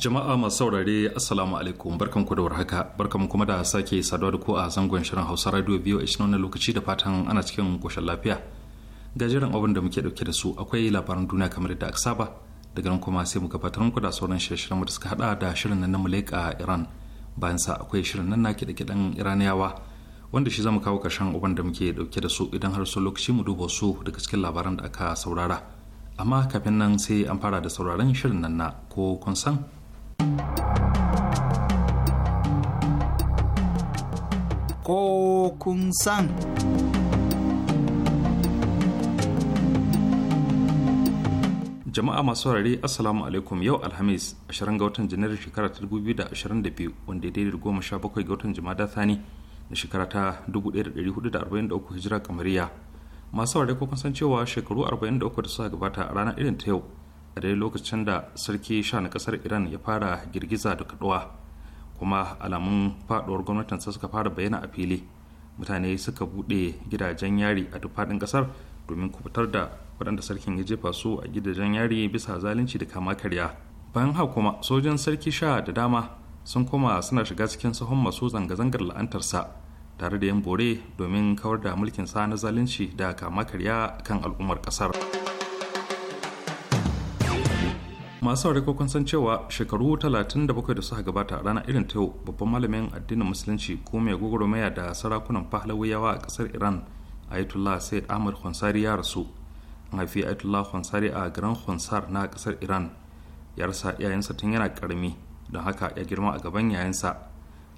Jama'a masu saurare Assalamu alaikum barkanku da warhaka mu kuma da sake saduwa da ku a zangon shirin Hausa Radio biyu a na lokaci da fatan ana cikin koshin lafiya. Ga jiran abin da muke dauke da su akwai labaran duniya kamar da aka saba daga nan kuma sai mu gabatar muku da sauran shirye-shiryen da suka hada da shirin nan na a Iran bayan sa akwai shirin nan na kiɗe Iraniyawa wanda shi zamu kawo ƙarshen abin da muke dauke da su idan har sun lokaci mu duba su daga cikin labaran da aka saurara. Amma kafin nan sai an fara da sauraron shirin nan na ko kun san ko kun san. Jama'a masu saurare Assalamu alaikum yau Alhamis 20 ga watan Janairu shekara ta 2022 wanda ya daidai goma sha bakwai ga watan Jumada Thani na shekara ta 1443 hijira kamariya. Masu saurare ko kun san cewa shekaru 43 da suka gabata a ranar irin ta yau a daidai lokacin da sarki sha na kasar Iran ya fara girgiza da kaduwa. kuma alamun faduwar gwamnatinsa suka fara bayyana a fili mutane suka bude gidajen yari a duk faɗin ƙasar domin kubutar da waɗanda sarkin ya jefa su a gidajen yari bisa zalunci da kama karya bayan haka kuma sojan sarki sha da dama sun koma suna shiga cikin sahun masu zanga-zangar la'antarsa tare da yan bore domin kawar da mulkin sa na zalunci da kama karya kan al'ummar ƙasar. masu saurari kun san cewa shekaru 37 da suka gabata rana irin ta yau babban malamin addinin musulunci ko mai gwagwarmaya da sarakunan pahlawiyawa a kasar iran ayatollah sai ahmad khonsari ya rasu an haifi ayatollah khonsari a garin khonsar na kasar iran ya rasa yayansa tun yana karami don haka ya girma a gaban yayansa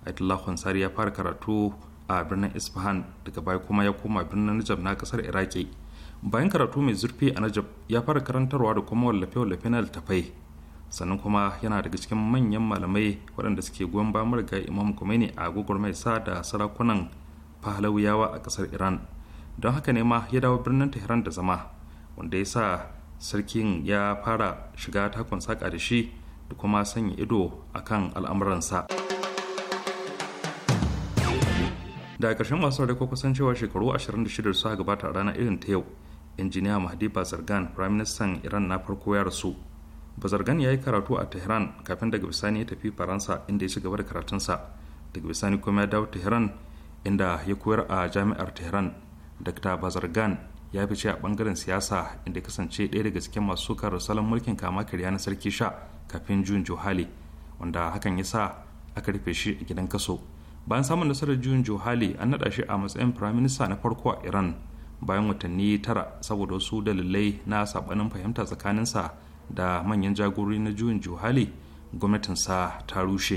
ayatollah khonsari ya fara karatu a birnin isfahan daga baya kuma ya koma birnin nijar na kasar iraki bayan karatu mai zurfi a najab ya fara karantarwa da kuma wallafe-wallafe na littafai sannan kuma yana daga cikin manyan malamai waɗanda suke goyon bayan mariga imam Khomeini a mai sa da sarakunan fahalawiyawa a ƙasar iran don haka ne ma ya dawo birnin tehran da zama wanda ya sa sarkin ya fara shiga takon saƙa da shi da kuma sanya ido a kan al'amuransa da ƙarshen masu rai kusan cewa shekaru 26 suka gabata a ranar irin ta yau injiniya mahdi bazargan prime minister iran na farko ya rasu bazargan ya yi karatu a tehran kafin daga bisani ya tafi faransa inda ya ci gaba da karatunsa daga bisani kuma ya dawo tehran inda ya koyar a jami'ar tehran dr bazargan ya fice a bangaren siyasa inda ya kasance ɗaya daga cikin masu sukar salon mulkin kama karya na sarki sha kafin juyin johali wanda hakan ya sa aka rufe shi a gidan kaso bayan samun nasarar juyin johali an naɗa shi a matsayin firaminista na farko a iran bayan watanni tara saboda wasu dalilai na sabanin fahimta tsakaninsa da manyan jagorori na juyin juhali gwamnatinsa ta rushe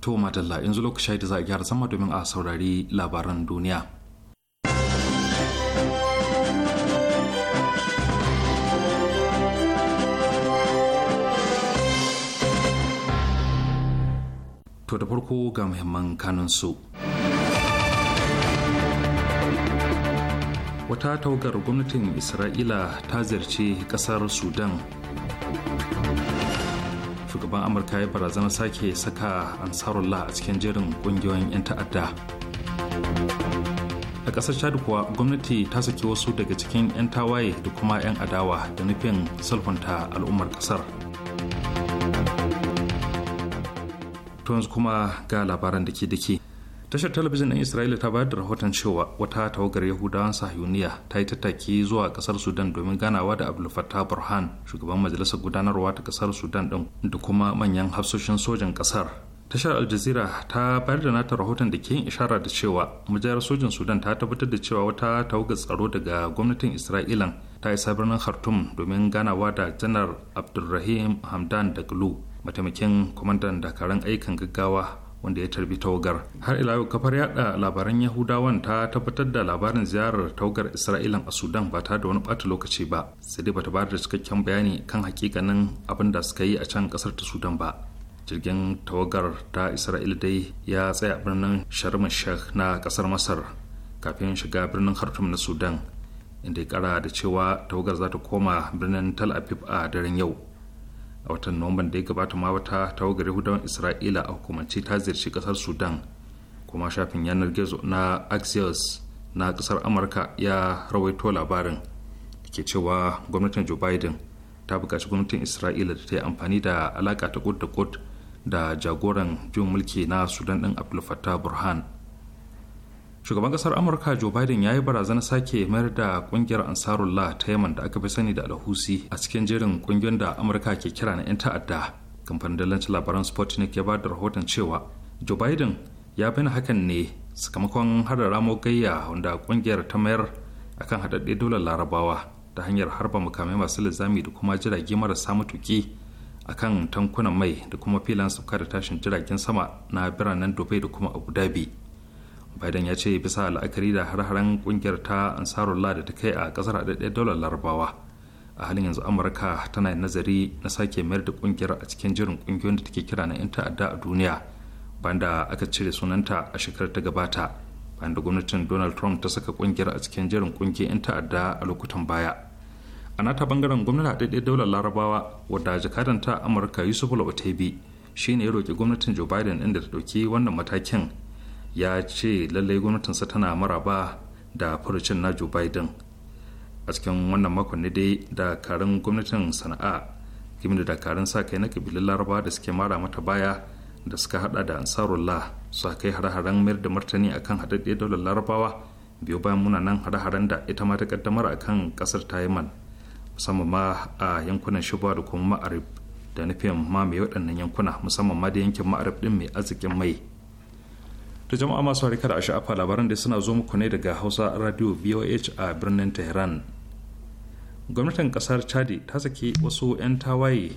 to madalla yanzu lokaci da za a gyara sama domin a saurari labaran duniya to da farko ga muhimman kanunsu wata taugar gwamnatin isra'ila ta ziyarci ƙasar sudan shugaban amurka ya barazana sake saka ansarullah a cikin jerin kungiyoyin 'yan ta'adda a ƙasar chad kuwa gwamnati ta saki wasu daga cikin 'yan tawaye da kuma 'yan adawa da nufin sulhunta al'ummar ƙasar to yanzu kuma ga labaran da ke dake tashar talabijin ɗin isra'ila ta bayar da rahoton cewa wata tawagar yahudawan sahiyuniya ta yi tattaki zuwa kasar sudan domin ganawa da abdul fattah burhan shugaban majalisar gudanarwa ta ƙasar sudan din da kuma manyan hafsoshin sojan ƙasar tashar aljazira ta bayar da nata rahoton da ke yin ishara da cewa majalisar sojan sudan ta tabbatar da cewa wata tawagar tsaro daga gwamnatin isra'ilan ta isa birnin khartoum domin ganawa da janar abdulrahim hamdan daglu mataimakin kwamandan dakarun aikin gaggawa wanda ya tarbi tawagar har ila yau kafar yada labaran yahudawan ta tabbatar da labarin ziyarar tawagar isra'ila a sudan ba tare da wani bata lokaci ba sai dai bata bada da cikakken bayani kan hakikanin abin da suka yi a can kasar ta sudan ba jirgin tawagar ta isra'ila dai ya tsaya birnin sharm sheikh na kasar masar kafin shiga birnin khartoum na sudan inda ya kara da cewa tawagar za ta koma birnin tal aviv a daren yau a watan nuwamban da ya gabata ma wata tawagar yahudawan isra'ila a hukumance ta ziyarci kasar sudan kuma shafin yanar gizo na axios na kasar amurka ya rawaito labarin da ke cewa gwamnatin joe biden ta buƙaci gwamnatin isra'ila da ta yi amfani da alaka ta kud da kud da jagoran jin mulki na sudan din abdul fattah burhan shugaban kasar amurka joe biden ya yi barazana sake mayar da kungiyar ansarullah ta yaman da aka fi sani da alhusi a cikin jerin kungiyar da amurka ke kira na 'yan ta'adda kamfanin dalancin labaran sputnik ya ba da rahoton cewa joe biden ya bayyana hakan ne sakamakon hada ramo gayya wanda kungiyar ta mayar akan haɗaɗɗe dolar larabawa ta hanyar harba mukamai masu lizami da kuma jirage marasa matuki akan tankunan mai da kuma filan sauka da tashin jiragen sama na biranen dubai da kuma abu dhabi biden ya ce bisa la'akari da har-haren kungiyar ta ansarullah da ta kai a kasar daidai daular larabawa a halin yanzu amurka tana nazari na sake mayar da kungiyar a cikin jirin kungiyoyin da take kira na 'yan ta'adda a duniya banda aka cire sunanta a shekarar ta gabata bayan da gwamnatin donald trump ta saka kungiyar a cikin jirin kungiyoyin 'yan ta'adda a lokutan baya a nata bangaren gwamnati daidai daular larabawa wadda jakadanta amurka yusuf lawatebi shine ya roki gwamnatin joe biden inda ta ɗauki wannan matakin ya ce lallai gwamnatinsa tana maraba da furucin na joe biden a cikin wannan makon ne dai dakarun gwamnatin sana'a game da dakarun sa kai na kabilun laraba da suke mara mata baya da suka hada da ansarullah su kai hare-haren mayar da martani akan haɗaɗɗiyar daular larabawa biyu bayan munanan hare-haren da ita ma ta kaddamar akan kasar taiman musamman ma a yankunan shubuwa da kuma ma'arif da nufin mamaye waɗannan yankuna musamman ma da yankin ma'arif ɗin mai arzikin mai da jama'a masu kada da sha'afa labaran da suna zo muku ne daga hausa radio voh a birnin tehran gwamnatin kasar chadi ta saki wasu 'yan tawaye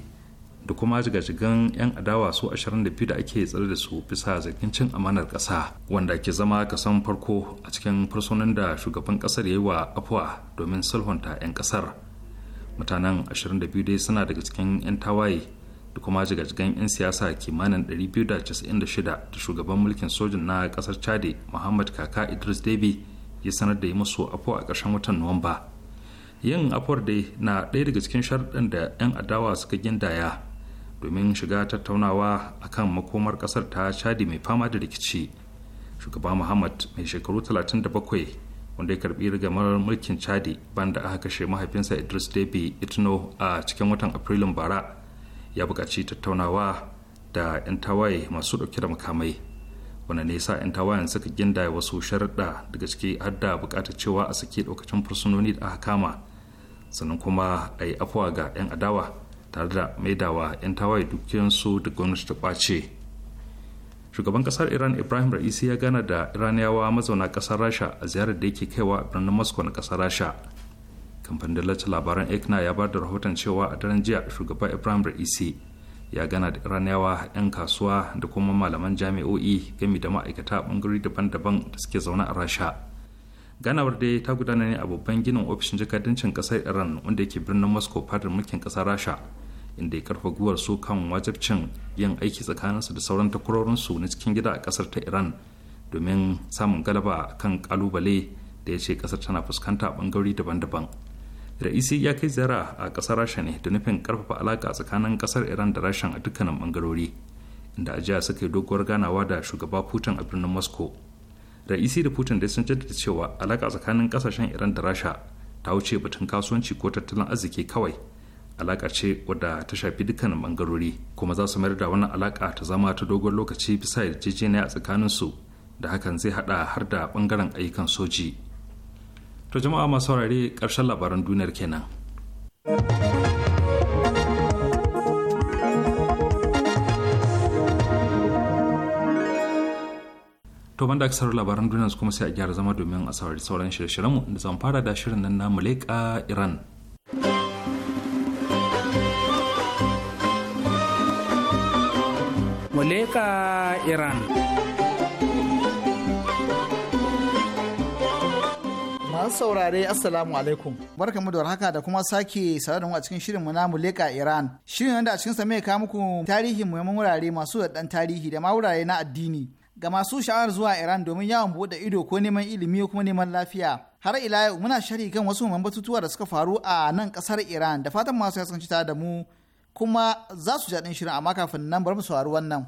da kuma jigajigan 'yan adawa su 22 da ake tsare da su bisa zargin cin amanar kasa wanda ke zama kasan farko a cikin fursunan da shugaban kasar ya yi wa afuwa domin sulhunta 'yan kasar mutanen 22 dai suna daga cikin 'yan tawaye da kuma jigajigan 'yan siyasa kimanin 296 da shugaban mulkin sojin na kasar chade muhammad kaka idris debi ya sanar da yi musu afo a ƙarshen watan nuwamba yin afuwar dai na ɗaya daga cikin sharɗin da 'yan adawa suka gindaya domin shiga tattaunawa a kan makomar ƙasar ta chadi mai fama da rikici shugaba muhammad mai shekaru 37 wanda ya karbi rigamar mulkin chadi banda aka kashe mahaifinsa idris debi itno a cikin watan afrilun bara ya buƙaci tattaunawa da 'yan tawaye masu ɗauke da makamai wanda ne sa 'yan tawayen suka ginda wasu sharaɗa daga ciki har da buƙatar cewa a sake ɗaukacin fursunoni da aka kama sannan kuma a yi afuwa ga 'yan adawa tare da maidawa 'yan tawaye dukiyansu da gwamnati ta ƙwace shugaban ƙasar iran ibrahim ra'isi ya gana da iraniyawa mazauna ƙasar rasha a ziyarar da yake kaiwa birnin moscow na ƙasar rasha kamfanin dallacin labaran ekna ya ba da rahoton cewa a daren jiya shugaban ibrahim isi ya gana da iraniyawa 'yan kasuwa da kuma malaman jami'o'i gami da ma'aikata bangarori daban-daban da suke zaune a rasha ganawar dai ta gudana ne a babban ginin ofishin jakadancin kasar iran wanda yake birnin moscow fadar mulkin kasar rasha inda ya karfa guwar su kan wajibcin yin aiki tsakaninsu da sauran takwarorinsu na cikin gida a kasar ta iran domin samun galaba kan kalubale da ya ce kasar tana fuskanta bangarori daban-daban ra'isi ya kai ziyara a ƙasar rasha ne da nufin ƙarfafa alaƙa tsakanin ƙasar iran da rasha a dukkanin ɓangarori inda a jiya suka yi doguwar ganawa da shugaba putin a birnin moscow ra'isi da putin dai sun jaddada cewa alaƙa tsakanin ƙasashen iran da rasha ta wuce batun kasuwanci ko tattalin arziki kawai alaƙa ce wadda ta shafi dukkanin ɓangarori kuma za su mayar da wannan alaƙa ta zama ta dogon lokaci bisa yarjejeniya a tsakaninsu da hakan zai haɗa har da ɓangaren ayyukan soji. to jama'a masu saurare ƙarshen labaran duniyar kenan. To banda aka labaran duniya su kuma sai a gyara zama domin a saurari sauran shirye-shiryenmu da zan fara da shirin nan na Muleka Iran. Muleka Iran. Masu saurare Assalamu alaikum. barka mu da warhaka da kuma sake sauraron da mu a cikin shirinmu na Muleka Iran. Shirin wanda a cikin sa mai kawo muku tarihi muhimman wurare masu da tarihi da ma wurare na addini. Ga masu sha'awar zuwa Iran domin yawon bude ido ko neman ilimi ko kuma neman lafiya. Har ila yau muna shari kan wasu muhimman batutuwa da suka faru a nan kasar Iran da fatan masu ya tare da mu kuma za su jaɗin shirin amma kafin nan bar mu saurari wannan.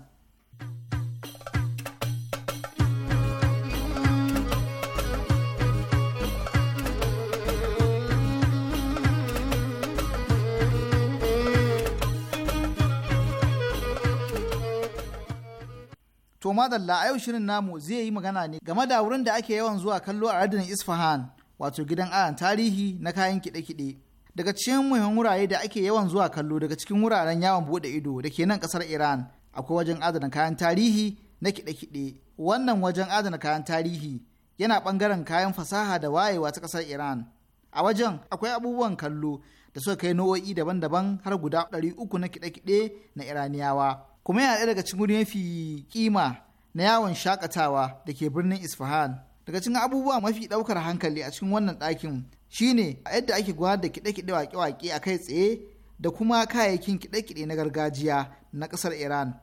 To madalla a yau shirin namu zai yi magana ne game da wurin da ake yawan zuwa kallo a ardin Isfahan wato gidan aran tarihi na kayan kiɗe-kiɗe. Daga cikin muhimman wurare da ake yawan zuwa kallo daga cikin wuraren yawon buɗe ido da ke nan ƙasar Iran akwai wajen adana kayan tarihi na kiɗe-kiɗe. Wannan wajen adana kayan tarihi yana ɓangaren kayan fasaha da wayewa ta ƙasar Iran. A wajen akwai abubuwan kallo da suka kai nau'o'i daban-daban har guda uku na kiɗe-kiɗe na Iraniyawa. kuma yana ɗaya daga cikin wuri mafi kima na yawon shakatawa da ke birnin Isfahan. Daga cikin abubuwa mafi ɗaukar hankali a cikin wannan ɗakin shine a yadda ake gudanar da kiɗe-kiɗe waƙe-waƙe a kai tsaye da kuma kayayyakin kiɗe-kiɗe na gargajiya na ƙasar Iran.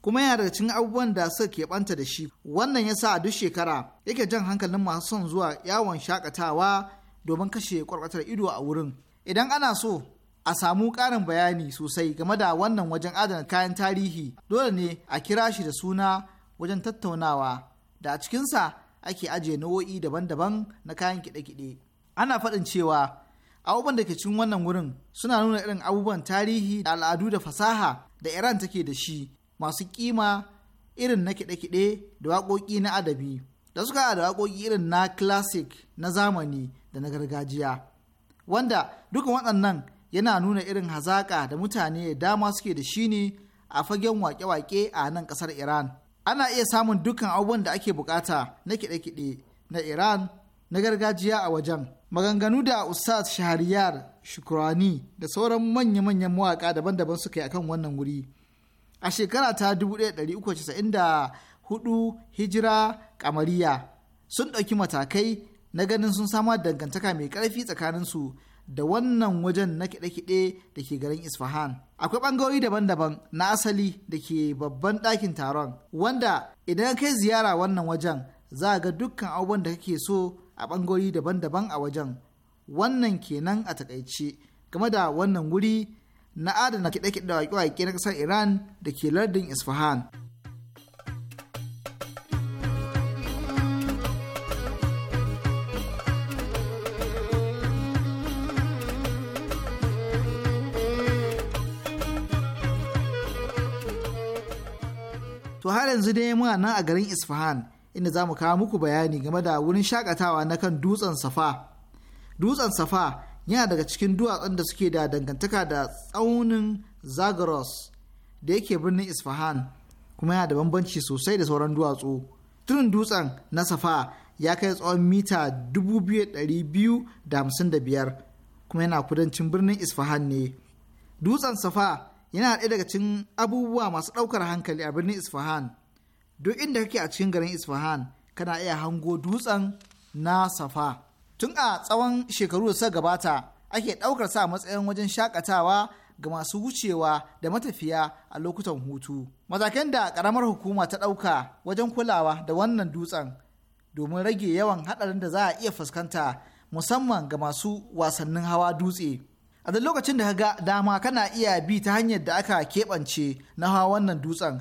Kuma yana daga cikin abubuwan da suka ɓanta da shi wannan ya sa a duk shekara yake jan hankalin masu son zuwa yawon shakatawa domin kashe kwarkwatar ido a wurin. Idan ana so a samu ƙarin bayani sosai game da wannan wajen adana kayan tarihi dole ne a kira shi da suna wajen tattaunawa da a cikinsa ake ajiye nau'o'i daban-daban na kayan kiɗe-kiɗe ana faɗin cewa abubuwan da ke cikin wannan wurin suna nuna irin abubuwan tarihi da al'adu da fasaha da iran take da shi masu kima irin na kiɗe-kiɗe da waƙoƙi na adabi da suka da waƙoƙi irin na classic na zamani da na gargajiya wanda dukan waɗannan yana nuna irin hazaƙa da mutane dama suke da shi ne a fagen wake-wake a nan ƙasar Iran. Ana iya samun dukkan abubuwan da ake bukata na kiɗe-kiɗe na Iran na gargajiya a wajen. Maganganu da Ustaz Shahariyar Shukrani da sauran manya-manyan mawaƙa daban-daban suka yi akan wannan wuri. A shekara ta 1394 hijira kamariya sun ɗauki matakai na ganin sun samar dangantaka mai ƙarfi tsakanin su da wannan wajen na kiɗe-kiɗe da ke garin Isfahan. Akwai ɓangarori daban-daban na asali da ke babban ɗakin taron, wanda idan kai ziyara wannan wajen za a ga dukkan abubuwan da kake so a ɓangarori daban-daban a wajen. Wannan kenan a takaice game da wannan wuri na adana kiɗe-kiɗe da waƙe-waƙe na ƙasar Iran da ke lardin Isfahan. To har yanzu dai muna nan a garin Isfahan inda za mu kawo muku bayani game da wurin shakatawa na kan dutsen Safa. Dutsen Safa yana daga cikin duwatsun da suke da dangantaka da tsaunin Zagros da yake birnin Isfahan kuma yana da bambanci sosai da sauran duwatsu. Tunin dutsen na Safa ya kai tsawon mita 2,255 kuma yana kudancin birnin Isfahan ne. Dutsen Safa yana ɗaya daga cikin abubuwa masu ɗaukar hankali a birnin Isfahan. Duk inda kake a cikin garin Isfahan kana iya hango dutsen na Safa. Tun a tsawon shekaru da suka gabata ake ɗaukar sa matsayin wajen shakatawa ga masu wucewa da matafiya a lokutan hutu. Matakan da ƙaramar hukuma ta ɗauka wajen kulawa da wannan dutsen domin rage yawan haɗarin da za a iya fuskanta musamman ga masu wasannin hawa dutse. a da lokacin da ga dama kana iya bi ta hanyar da aka keɓance na hawa wannan dutsen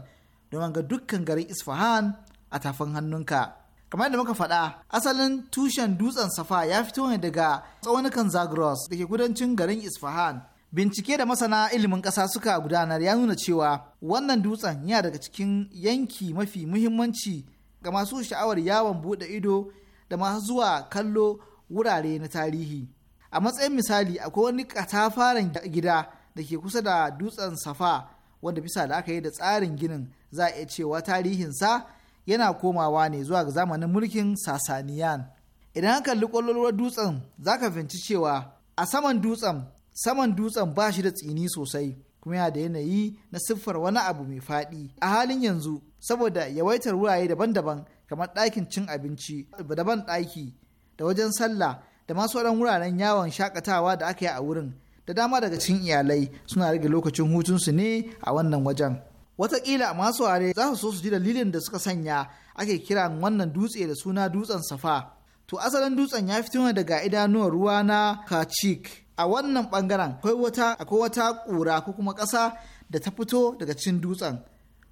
domin ga dukkan garin isfahan a tafin hannunka kamar da muka faɗa asalin tushen dutsen safa ya fito ne daga tsaunukan zagros da ke kudancin garin isfahan bincike da masana ilimin ƙasa suka gudanar ya nuna cewa wannan dutsen yana daga cikin yanki mafi muhimmanci ga masu sha'awar yawon buɗe ido da masu zuwa kallo wurare na tarihi a matsayin misali akwai wani katafaren gida da ke kusa da dutsen safa wanda bisa da aka yi da tsarin ginin za a iya cewa tarihinsa yana komawa ne zuwa ga zamanin mulkin sasaniyan idan aka kalli kwallolwar dutsen za ka fahimci cewa a saman dutsen saman dutsen ba shi da tsini sosai kuma yana da yanayi na siffar wani abu mai faɗi a halin yanzu saboda yawaitar wurare daban-daban kamar ɗakin cin abinci da ban ɗaki da wajen sallah da masu sauran wuraren yawon shakatawa da aka yi a wurin da dama daga cikin iyalai suna rage lokacin hutunsu ne a wannan wajen watakila masu ware za su so su ji dalilin da suka sanya ake kiran wannan dutse da suna dutsen safa to asalin dutsen ya fito ne daga idanuwar ruwa na kachik a wannan bangaren akwai wata akwai wata kura ko kuma ƙasa da ta fito daga cikin dutsen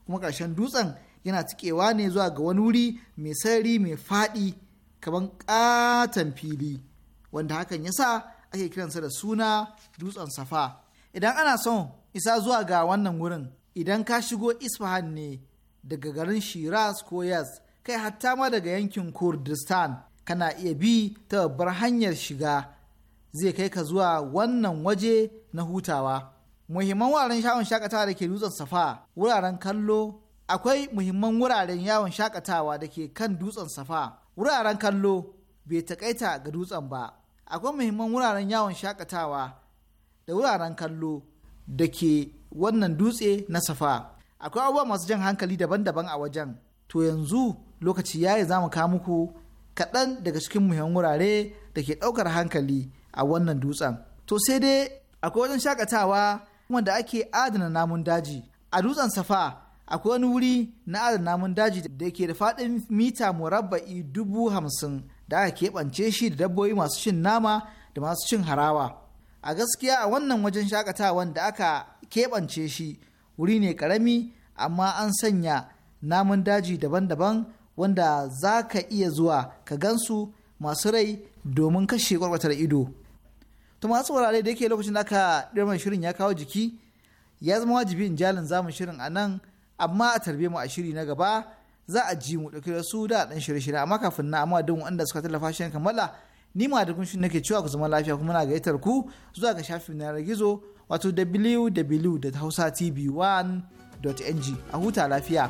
kuma ƙarshen dutsen yana tikewa ne zuwa ga wani wuri mai sarari mai faɗi kamar ƙaton fili wanda hakan ya sa ake kiransa da suna dutsen safa idan ana son isa zuwa ga wannan wurin idan ka shigo isfahan ne daga garin shiraz ko yas kai hatta ma daga yankin kurdistan kana iya bi ta babbar hanyar shiga zai kai ka zuwa wannan waje na hutawa muhimman wuraren yawon shakatawa da ke dutsen safa wuraren kallo akwai muhimman wuraren yawon shakatawa da ke kan dutsen safa wuraren kallo bai takaita ga dutsen ba akwai muhimman wuraren yawon shakatawa da wuraren kallo da ke wannan dutse na safa akwai abubuwa masu jan hankali daban-daban a wajen to yanzu lokaci yayi za mu kawo muku kaɗan daga cikin muhimman wurare da ke ɗaukar hankali a wannan dutsen to sai dai akwai wajen shakatawa wanda ake adana namun daji a dutsen safa akwai wani wuri na adana namun daji da ke da faɗin mita murabba'i dubu hamsin da aka keɓance shi da dabbobi masu cin nama da masu cin harawa a gaskiya a wannan wajen shakatawan da aka keɓance shi wuri ne karami amma an sanya namun daji daban-daban wanda za ka iya zuwa ka gansu masu rai domin kashe kwarkwatar ido to masu wurare da yake lokacin da aka ɗirman shirin ya kawo jiki ya zama wajibi in jalin zamu shirin a nan amma a tarbe mu a shiri na gaba za a ji mu dauke da su da dan shirye-shirye amma kafin na amma don wanda suka tallafa shi kammala ni ma da kunshi nake cewa ku zama lafiya kuma na gaitar ku zuwa ga shafin na gizo wato www.hausatv1.ng a huta lafiya.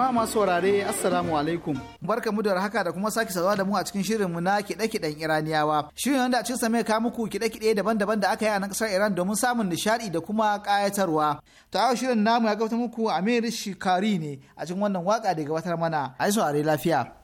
Jama'a masu saurare Assalamu alaikum. Barka mu da haka da kuma sake sauwa da mu a cikin shirinmu na kiɗe-kiɗen Iraniyawa. Shirin wanda a cikin sa ka kawo muku kiɗe-kiɗe daban-daban da aka yi a nan ƙasar Iran domin samun nishaɗi da kuma ƙayatarwa. To a shirin namu ya gabatar muku Amir Shikari ne a cikin wannan waka daga gabatar mana. ayi saurare lafiya.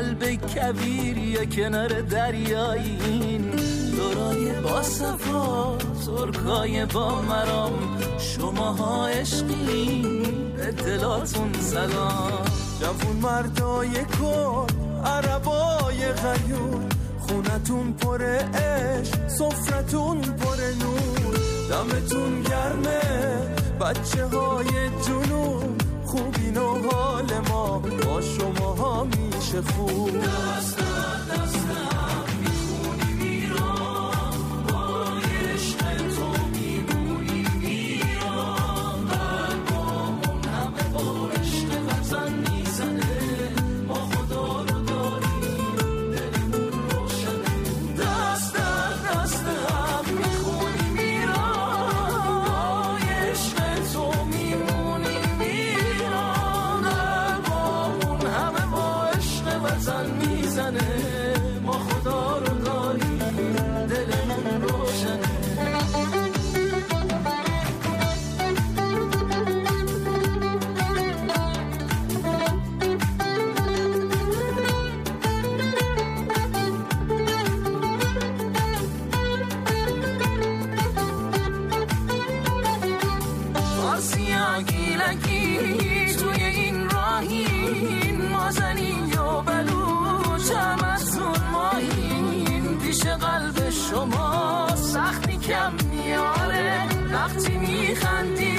قلب یا کنار دریایی این دورای با صفا ترکای با مرام شماها عشقین اطلاعتون سلام جوون مردای کن عربای غیور خونتون پر عشق سفرتون پر نور دمتون گرمه بچه های جنوب خوبین و حال ما با شما ها می chefur. Nostra. چه قلب شما سختی کم میاره وقتی میخندی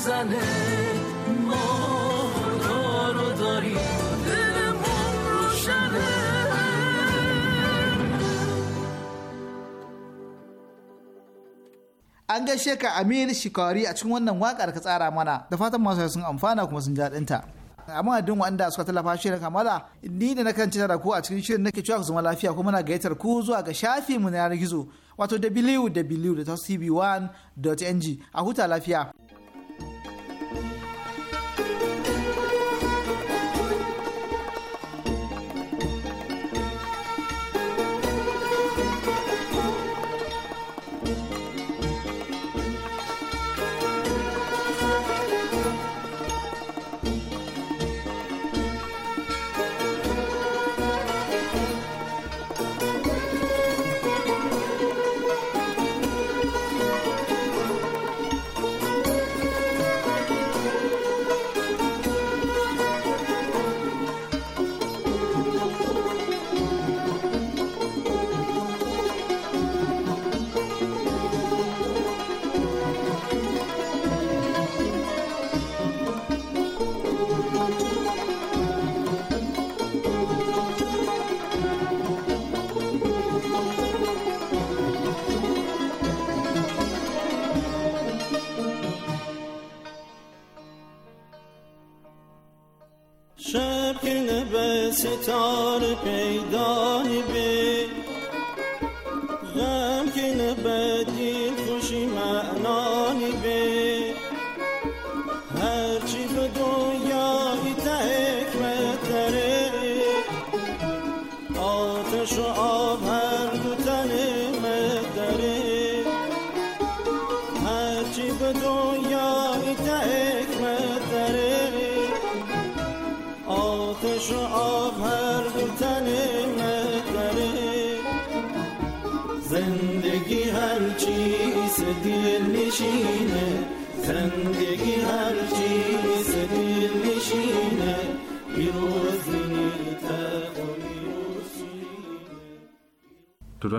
an gaishe ka Amir Shikari a cikin wannan wakar ka tsara mana da fatan masu sun amfana kuma sun jaɗinta. amma adin wanda suka tallafa shirin kamala ni da na kan da ku a cikin shirin nake cewa ku zama lafiya kuma na gayyatar ku zuwa ga shafi mu na yanar gizo wato www.tv1.ng a huta lafiya.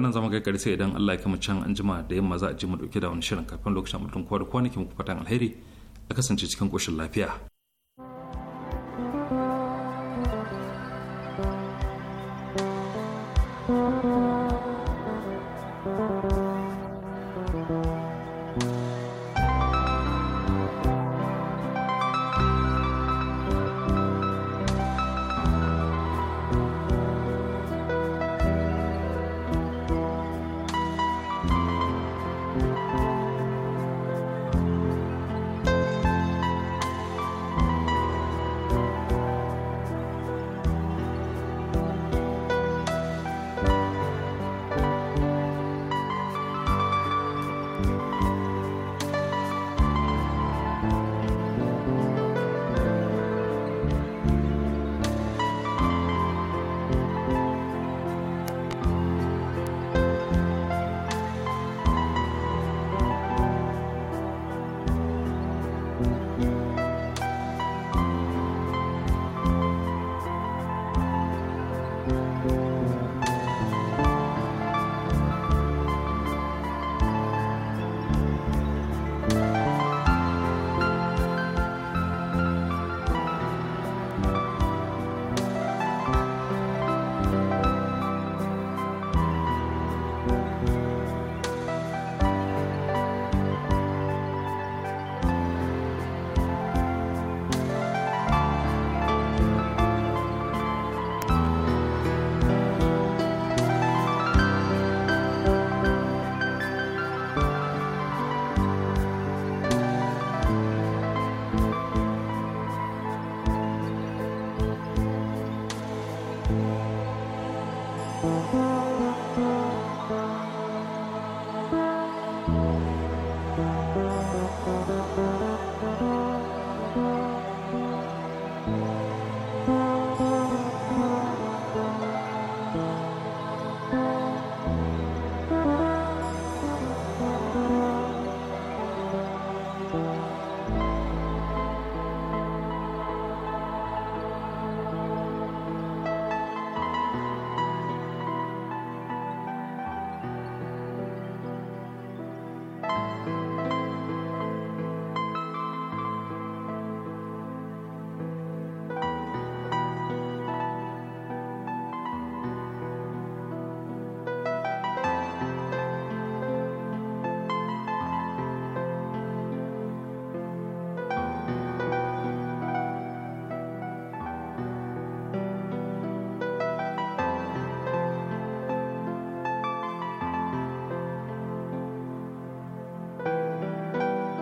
wannan zama ga sai idan Allah ya kama can an jima da yamma za a ji mu dauke da wani shirin kafin lokacin mutum kowa da kowa nake muku fatan alheri a kasance cikin koshin lafiya